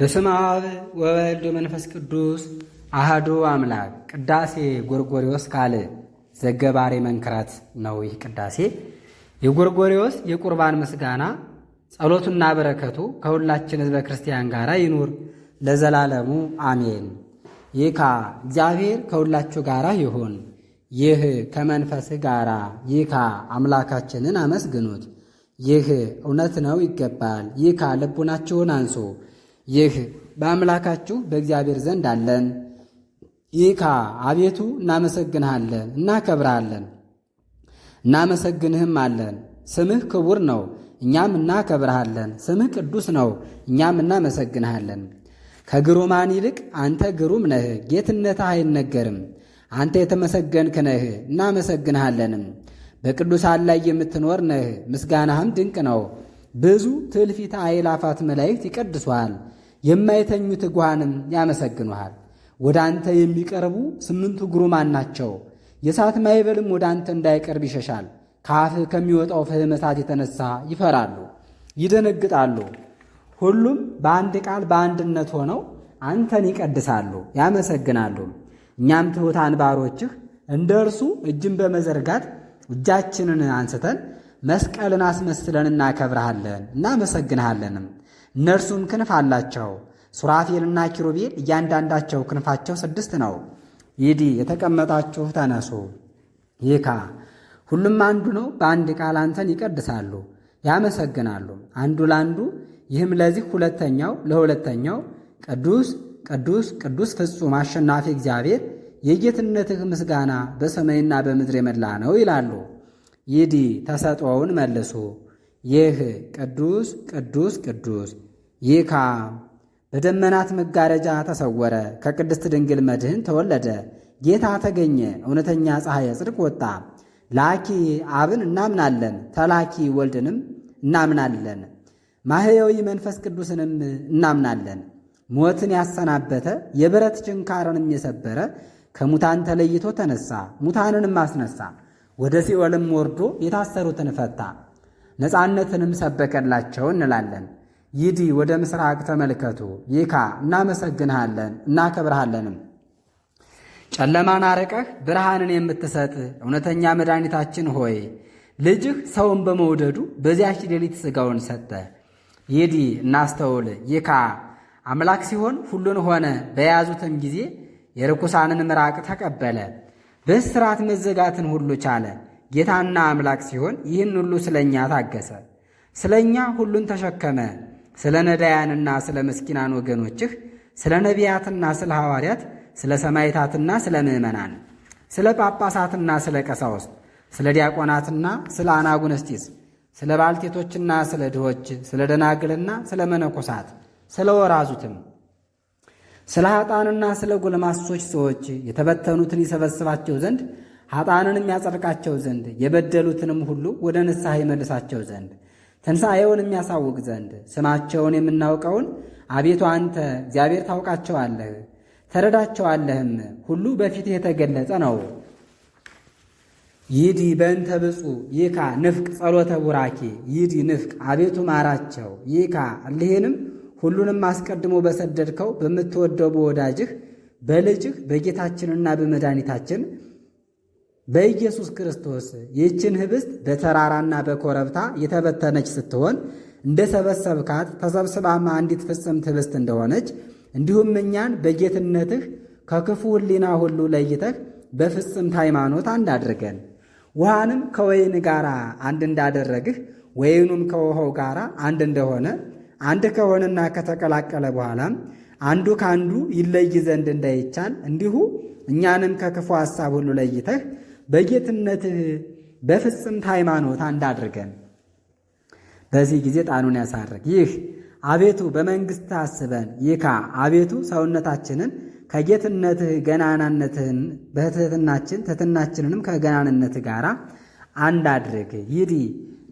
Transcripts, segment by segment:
በስም አብ ወወልድ መንፈስ ቅዱስ አህዶ አምላክ። ቅዳሴ ጎርጎሪዎስ ካለ ዘገባሬ መንክራት ነው። ይህ ቅዳሴ የጎርጎሪዎስ የቁርባን ምስጋና ጸሎቱና በረከቱ ከሁላችን ሕዝበ ክርስቲያን ጋር ይኑር ለዘላለሙ አሜን። ይካ እግዚአብሔር ከሁላችሁ ጋራ ይሁን። ይህ ከመንፈስ ጋራ ይካ አምላካችንን አመስግኑት። ይህ እውነት ነው ይገባል። ይካ ልቡናችሁን አንሱ ይህ በአምላካችሁ በእግዚአብሔር ዘንድ አለን። ይካ አቤቱ እናመሰግንሃለን፣ እናከብርሃለን፣ እናመሰግንህም አለን። ስምህ ክቡር ነው፣ እኛም እናከብርሃለን። ስምህ ቅዱስ ነው፣ እኛም እናመሰግንሃለን። ከግሩማን ይልቅ አንተ ግሩም ነህ፣ ጌትነትህ አይነገርም። አንተ የተመሰገንክ ነህ፣ እናመሰግንሃለንም። በቅዱሳን ላይ የምትኖር ነህ፣ ምስጋናህም ድንቅ ነው። ብዙ ትልፊት አይላፋት መላእክት ይቀድሷል። የማይተኙት ትጉሃንም ያመሰግኑሃል። ወደ አንተ የሚቀርቡ ስምንቱ ግሩማን ናቸው። የእሳት ማይበልም ወደ አንተ እንዳይቀርብ ይሸሻል። ከአፍህ ከሚወጣው ፍህመ እሳት የተነሳ ይፈራሉ፣ ይደነግጣሉ። ሁሉም በአንድ ቃል በአንድነት ሆነው አንተን ይቀድሳሉ፣ ያመሰግናሉ። እኛም ትሑታን ባሮችህ እንደ እርሱ እጅን በመዘርጋት እጃችንን አንስተን መስቀልን አስመስለን እናከብረሃለን፣ እናመሰግንሃለንም። እነርሱም ክንፍ አላቸው። ሱራፌልና ኪሩቤል እያንዳንዳቸው ክንፋቸው ስድስት ነው። ይዲ የተቀመጣችሁ ተነሱ። ይካ ሁሉም አንዱ ነው። በአንድ ቃል አንተን ይቀድሳሉ፣ ያመሰግናሉ አንዱ ለአንዱ። ይህም ለዚህ ሁለተኛው ለሁለተኛው ቅዱስ ቅዱስ ቅዱስ ፍጹም አሸናፊ እግዚአብሔር የጌትነትህ ምስጋና በሰማይና በምድር የመላ ነው ይላሉ። ይዲ ተሰጥኦውን መልሱ። ይህ ቅዱስ ቅዱስ ቅዱስ ይካ በደመናት መጋረጃ ተሰወረ። ከቅድስት ድንግል መድህን ተወለደ። ጌታ ተገኘ። እውነተኛ ፀሐየ ጽድቅ ወጣ። ላኪ አብን እናምናለን፣ ተላኪ ወልድንም እናምናለን፣ ማህያዊ መንፈስ ቅዱስንም እናምናለን። ሞትን ያሰናበተ የብረት ችንካርንም የሰበረ ከሙታን ተለይቶ ተነሳ፣ ሙታንንም አስነሳ፣ ወደ ሲኦልም ወርዶ የታሰሩትን ፈታ። ነፃነትንም ሰበከላቸው እንላለን። ይዲ ወደ ምስራቅ ተመልከቱ። ይካ እናመሰግንሃለን እናከብርሃለንም። ጨለማን አርቀህ ብርሃንን የምትሰጥ እውነተኛ መድኃኒታችን ሆይ ልጅህ ሰውን በመውደዱ በዚያች ሌሊት ሥጋውን ሰጠ። ይዲ እናስተውል። ይካ አምላክ ሲሆን ሁሉን ሆነ። በያዙትም ጊዜ የርኩሳንን ምራቅ ተቀበለ። በእስራት መዘጋትን ሁሉ ቻለ። ጌታና አምላክ ሲሆን ይህን ሁሉ ስለ እኛ ታገሰ፣ ስለ እኛ ሁሉን ተሸከመ። ስለ ነዳያንና ስለ ምስኪናን ወገኖችህ፣ ስለ ነቢያትና ስለ ሐዋርያት፣ ስለ ሰማይታትና ስለ ምእመናን ስለ ጳጳሳትና ስለ ቀሳውስት፣ ስለ ዲያቆናትና ስለ አናጉንስጢስ፣ ስለ ባልቴቶችና ስለ ድሆች፣ ስለ ደናግልና ስለ መነኮሳት፣ ስለ ወራዙትም ስለ ኃጣንና ስለ ጎልማሶች ሰዎች የተበተኑትን ይሰበስባቸው ዘንድ ኃጥአንንም ያጸድቃቸው ዘንድ የበደሉትንም ሁሉ ወደ ንስሐ ይመልሳቸው ዘንድ ትንሣኤውን የሚያሳውቅ ዘንድ ስማቸውን የምናውቀውን አቤቱ አንተ እግዚአብሔር ታውቃቸዋለህ ተረዳቸዋለህም፣ ሁሉ በፊትህ የተገለጸ ነው። ይዲ በእንተ ብፁ ይካ ንፍቅ ጸሎተ ቡራኬ ይዲ ንፍቅ አቤቱ ማራቸው ይካ እሊህንም ሁሉንም አስቀድሞ በሰደድከው በምትወደው በወዳጅህ በልጅህ በጌታችንና በመድኃኒታችን በኢየሱስ ክርስቶስ ይህችን ህብስት በተራራና በኮረብታ የተበተነች ስትሆን እንደ ሰበሰብካት ተሰብስባማ አንዲት ፍጽምት ኅብስት እንደሆነች እንዲሁም እኛን በጌትነትህ ከክፉ ሕሊና ሁሉ ለይተህ በፍጽምት ሃይማኖት አንድ አድርገን ውሃንም ከወይን ጋር አንድ እንዳደረግህ ወይኑም ከውሃው ጋር አንድ እንደሆነ አንድ ከሆነና ከተቀላቀለ በኋላም አንዱ ከአንዱ ይለይ ዘንድ እንዳይቻል እንዲሁ እኛንም ከክፉ ሐሳብ ሁሉ ለይተህ በጌትነትህ በፍጽምት ሃይማኖት አንድ አድርገን። በዚህ ጊዜ ጣኑን ያሳርግ። ይህ አቤቱ በመንግሥት አስበን። ይካ አቤቱ ሰውነታችንን ከጌትነትህ ገናናነትህን በትህትናችን ትህትናችንንም ከገናንነትህ ጋር አንድ አድርግ። ይዲ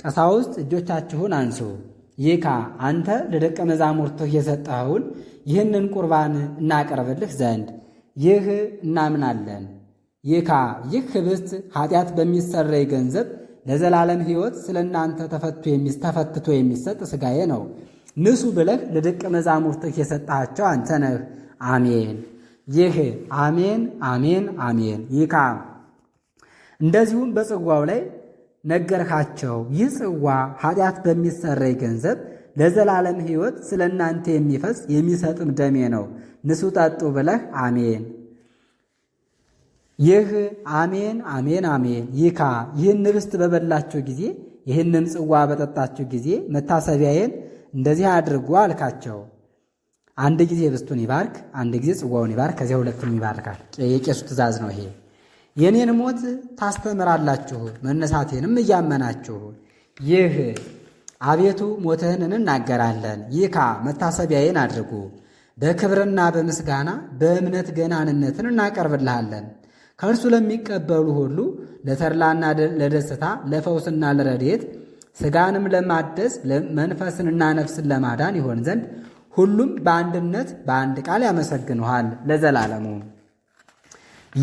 ቀሳውስት እጆቻችሁን አንሱ። ይካ አንተ ለደቀ መዛሙርትህ የሰጠኸውን ይህንን ቁርባን እናቀርብልህ ዘንድ ይህ እናምናለን። ይካ ይህ ህብስት ኃጢአት በሚሰረይ ገንዘብ ለዘላለም ሕይወት ስለ እናንተ ተፈትቶ የሚሰጥ ሥጋዬ ነው። ንሱ ብለህ ለደቀ መዛሙርትህ የሰጣቸው አንተ ነህ። አሜን። ይህ አሜን አሜን አሜን። ይካ እንደዚሁም በጽዋው ላይ ነገርካቸው። ይህ ጽዋ ኃጢአት በሚሰረይ ገንዘብ ለዘላለም ሕይወት ስለ እናንተ የሚፈስ የሚሰጥም ደሜ ነው። ንሱ ጠጡ ብለህ አሜን ይህ አሜን አሜን አሜን ይካ ይህን ኅብስት በበላችሁ ጊዜ ይህንም ጽዋ በጠጣችሁ ጊዜ መታሰቢያዬን እንደዚህ አድርጉ አልካቸው። አንድ ጊዜ ብስቱን ይባርክ፣ አንድ ጊዜ ጽዋውን ይባርክ፣ ከዚያ ሁለቱንም ይባርካል። የቄሱ ትእዛዝ ነው ይሄ። የእኔን ሞት ታስተምራላችሁ መነሳቴንም እያመናችሁ ይህ አቤቱ ሞትህን እንናገራለን። ይካ መታሰቢያዬን አድርጉ። በክብርና በምስጋና በእምነት ገናንነትን እናቀርብልሃለን። ከእርሱ ለሚቀበሉ ሁሉ ለተድላና ለደስታ ለፈውስና ለረድኤት ስጋንም ለማደስ መንፈስንና ነፍስን ለማዳን ይሆን ዘንድ ሁሉም በአንድነት በአንድ ቃል ያመሰግንሃል ለዘላለሙ።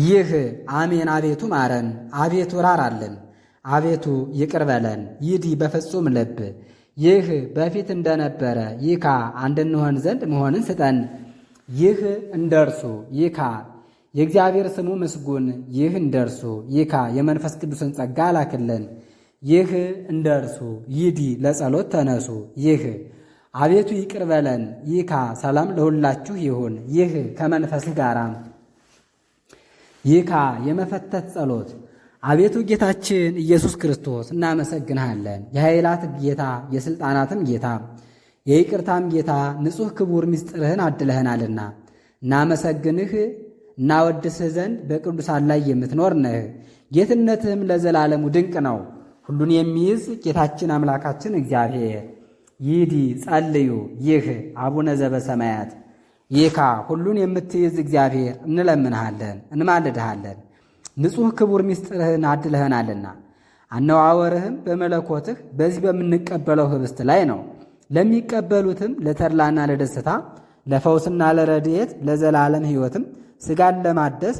ይህ አሜን። አቤቱ ማረን፣ አቤቱ ራራልን፣ አቤቱ ይቅርበለን። ይዲ በፍጹም ልብ ይህ በፊት እንደነበረ ይካ አንድንሆን ዘንድ መሆንን ስጠን። ይህ እንደ እርሱ ይካ የእግዚአብሔር ስሙ ምስጉን። ይህ እንደርሱ ይካ የመንፈስ ቅዱስን ጸጋ አላክለን። ይህ እንደርሱ ይዲ ለጸሎት ተነሱ። ይህ አቤቱ ይቅር በለን። ይካ ሰላም ለሁላችሁ ይሁን። ይህ ከመንፈስ ጋር ይካ የመፈተት ጸሎት አቤቱ ጌታችን ኢየሱስ ክርስቶስ እናመሰግንሃለን። የኃይላት ጌታ የሥልጣናትም ጌታ የይቅርታም ጌታ ንጹሕ ክቡር ምስጢርህን አድለህናልና እናመሰግንህ እናወድስህ ዘንድ በቅዱሳን ላይ የምትኖር ነህ። ጌትነትህም ለዘላለሙ ድንቅ ነው። ሁሉን የሚይዝ ጌታችን አምላካችን እግዚአብሔር ይዲ ጸልዩ ይህ አቡነ ዘበሰማያት ይካ ሁሉን የምትይዝ እግዚአብሔር እንለምንሃለን፣ እንማልድሃለን። ንጹሕ ክቡር ምስጢርህን አድለህናልና አነዋወርህም በመለኮትህ በዚህ በምንቀበለው ህብስት ላይ ነው። ለሚቀበሉትም ለተድላና ለደስታ ለፈውስና ለረድኤት ለዘላለም ሕይወትም ሥጋን ለማደስ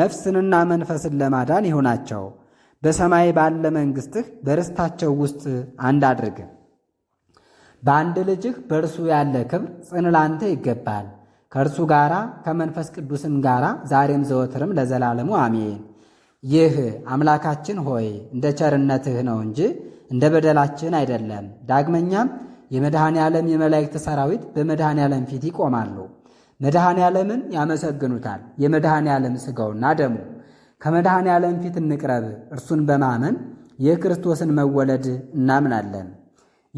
ነፍስንና መንፈስን ለማዳን ይሆናቸው። በሰማይ ባለ መንግሥትህ በርስታቸው ውስጥ አንድ አድርግ። በአንድ ልጅህ በእርሱ ያለ ክብር ጽን ላንተ ይገባል። ከእርሱ ጋር ከመንፈስ ቅዱስም ጋር ዛሬም ዘወትርም ለዘላለሙ አሜን። ይህ አምላካችን ሆይ እንደ ቸርነትህ ነው እንጂ እንደ በደላችን አይደለም። ዳግመኛም የመድኃኔ ዓለም የመላእክት ሰራዊት በመድኃኔ ዓለም ፊት ይቆማሉ። መድኃኔ ዓለምን ያመሰግኑታል። የመድኃኔ ዓለም ሥጋውና ደሙ ከመድኃኔ ዓለም ፊት እንቅረብ። እርሱን በማመን የክርስቶስን መወለድ እናምናለን።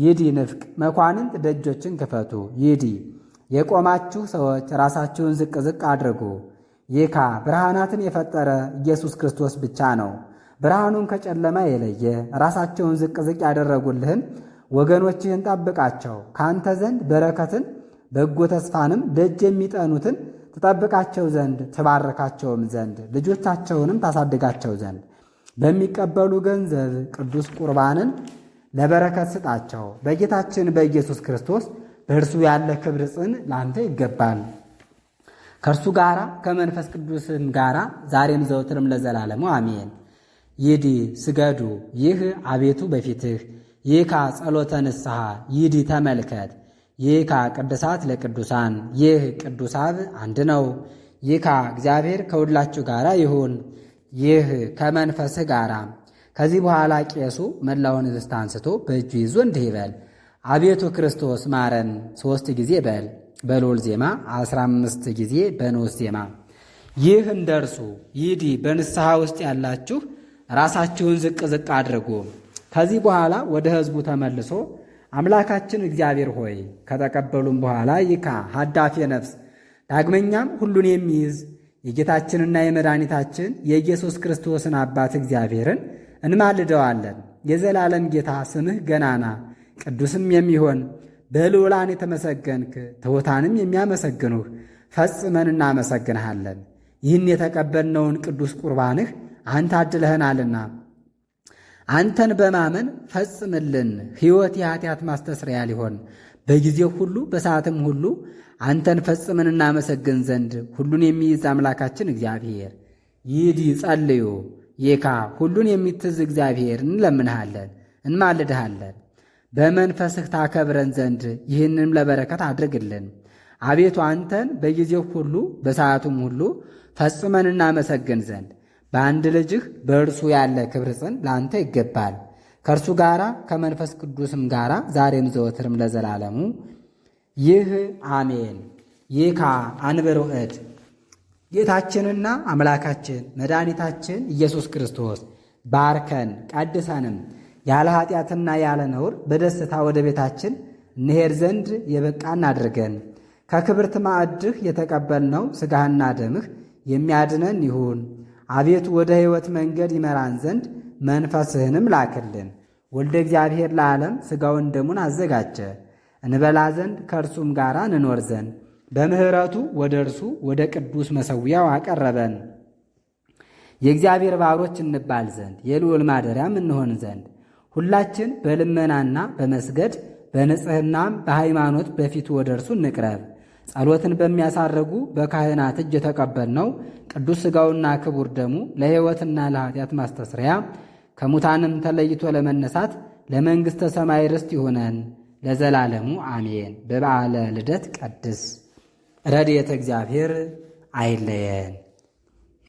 ይዲ ንፍቅ መኳንንት ደጆችን ክፈቱ። ይዲ የቆማችሁ ሰዎች ራሳችሁን ዝቅ ዝቅ አድርጉ። ይካ ብርሃናትን የፈጠረ ኢየሱስ ክርስቶስ ብቻ ነው። ብርሃኑን ከጨለማ የለየ ራሳቸውን ዝቅ ዝቅ ያደረጉልህን ወገኖችህን ጠብቃቸው። ከአንተ ዘንድ በረከትን በጎ ተስፋንም ደጅ የሚጠኑትን ትጠብቃቸው ዘንድ ትባርካቸውም ዘንድ ልጆቻቸውንም ታሳድጋቸው ዘንድ በሚቀበሉ ገንዘብ ቅዱስ ቁርባንን ለበረከት ስጣቸው። በጌታችን በኢየሱስ ክርስቶስ በእርሱ ያለ ክብር ጽን ለአንተ ይገባል። ከእርሱ ጋር ከመንፈስ ቅዱስም ጋር ዛሬም ዘውትርም ለዘላለሙ አሜን። ይዲ ስገዱ ይህ አቤቱ በፊትህ ይካ ጸሎተ ንስሐ ይዲ ተመልከት ይካ ቅዱሳት ለቅዱሳን ይህ ቅዱስ አብ አንድ ነው። ይካ እግዚአብሔር ከሁላችሁ ጋር ይሁን። ይህ ከመንፈስህ ጋራ ከዚህ በኋላ ቄሱ መላውን ህብስት አንስቶ በእጁ ይዞ እንዲህ ይበል፣ አቤቱ ክርስቶስ ማረን ሦስት ጊዜ በል በሎል ዜማ አስራ አምስት ጊዜ በኖስ ዜማ። ይህ እንደርሱ ይዲ በንስሐ ውስጥ ያላችሁ ራሳችሁን ዝቅ ዝቅ አድርጉ። ከዚህ በኋላ ወደ ሕዝቡ ተመልሶ አምላካችን እግዚአብሔር ሆይ ከተቀበሉም በኋላ ይካ ሀዳፌ ነፍስ ዳግመኛም ሁሉን የሚይዝ የጌታችንና የመድኃኒታችን የኢየሱስ ክርስቶስን አባት እግዚአብሔርን እንማልደዋለን። የዘላለም ጌታ ስምህ ገናና ቅዱስም የሚሆን በልዑላን የተመሰገንክ ትሑታንም የሚያመሰግኑህ ፈጽመን እናመሰግንሃለን። ይህን የተቀበልነውን ቅዱስ ቁርባንህ አንተ አድለህናልና አንተን በማመን ፈጽምልን። ሕይወት የኃጢአት ማስተስሪያ ሊሆን በጊዜው ሁሉ በሰዓትም ሁሉ አንተን ፈጽምን እናመሰግን ዘንድ ሁሉን የሚይዝ አምላካችን እግዚአብሔር ይዲ ጸልዩ ይካ ሁሉን የሚትዝ እግዚአብሔር እንለምንሃለን፣ እንማልድሃለን። በመንፈስህ ታከብረን ዘንድ ይህንም ለበረከት አድርግልን። አቤቱ አንተን በጊዜው ሁሉ በሰዓቱም ሁሉ ፈጽመን እናመሰግን ዘንድ በአንድ ልጅህ በእርሱ ያለ ክብር ጽን ለአንተ ይገባል። ከእርሱ ጋራ ከመንፈስ ቅዱስም ጋራ ዛሬም ዘወትርም ለዘላለሙ ይህ አሜን። ይካ አንበሮእድ ጌታችንና አምላካችን መድኃኒታችን ኢየሱስ ክርስቶስ ባርከን ቀድሰንም ያለ ኃጢአትና ያለ ነውር በደስታ ወደ ቤታችን እንሄድ ዘንድ የበቃን አድርገን ከክብርት ማዕድህ የተቀበልነው ሥጋህና ደምህ የሚያድነን ይሁን። አቤቱ ወደ ሕይወት መንገድ ይመራን ዘንድ መንፈስህንም ላክልን። ወልደ እግዚአብሔር ለዓለም ሥጋውን ደሙን አዘጋጀ እንበላ ዘንድ ከእርሱም ጋር እንኖር ዘንድ በምሕረቱ ወደ እርሱ ወደ ቅዱስ መሠዊያው አቀረበን። የእግዚአብሔር ባሮች እንባል ዘንድ የልዑል ማደሪያም እንሆን ዘንድ ሁላችን በልመናና በመስገድ በንጽሕናም በሃይማኖት በፊቱ ወደ እርሱ እንቅረብ። ጸሎትን በሚያሳርጉ በካህናት እጅ የተቀበልነው ቅዱስ ሥጋውና ክቡር ደሙ ለሕይወትና ለኃጢአት ማስተስሪያ ከሙታንም ተለይቶ ለመነሳት ለመንግሥተ ሰማይ ርስት ይሆነን ለዘላለሙ አሜን። በበዓለ ልደት ቀድስ ረድኤተ እግዚአብሔር አይለየን።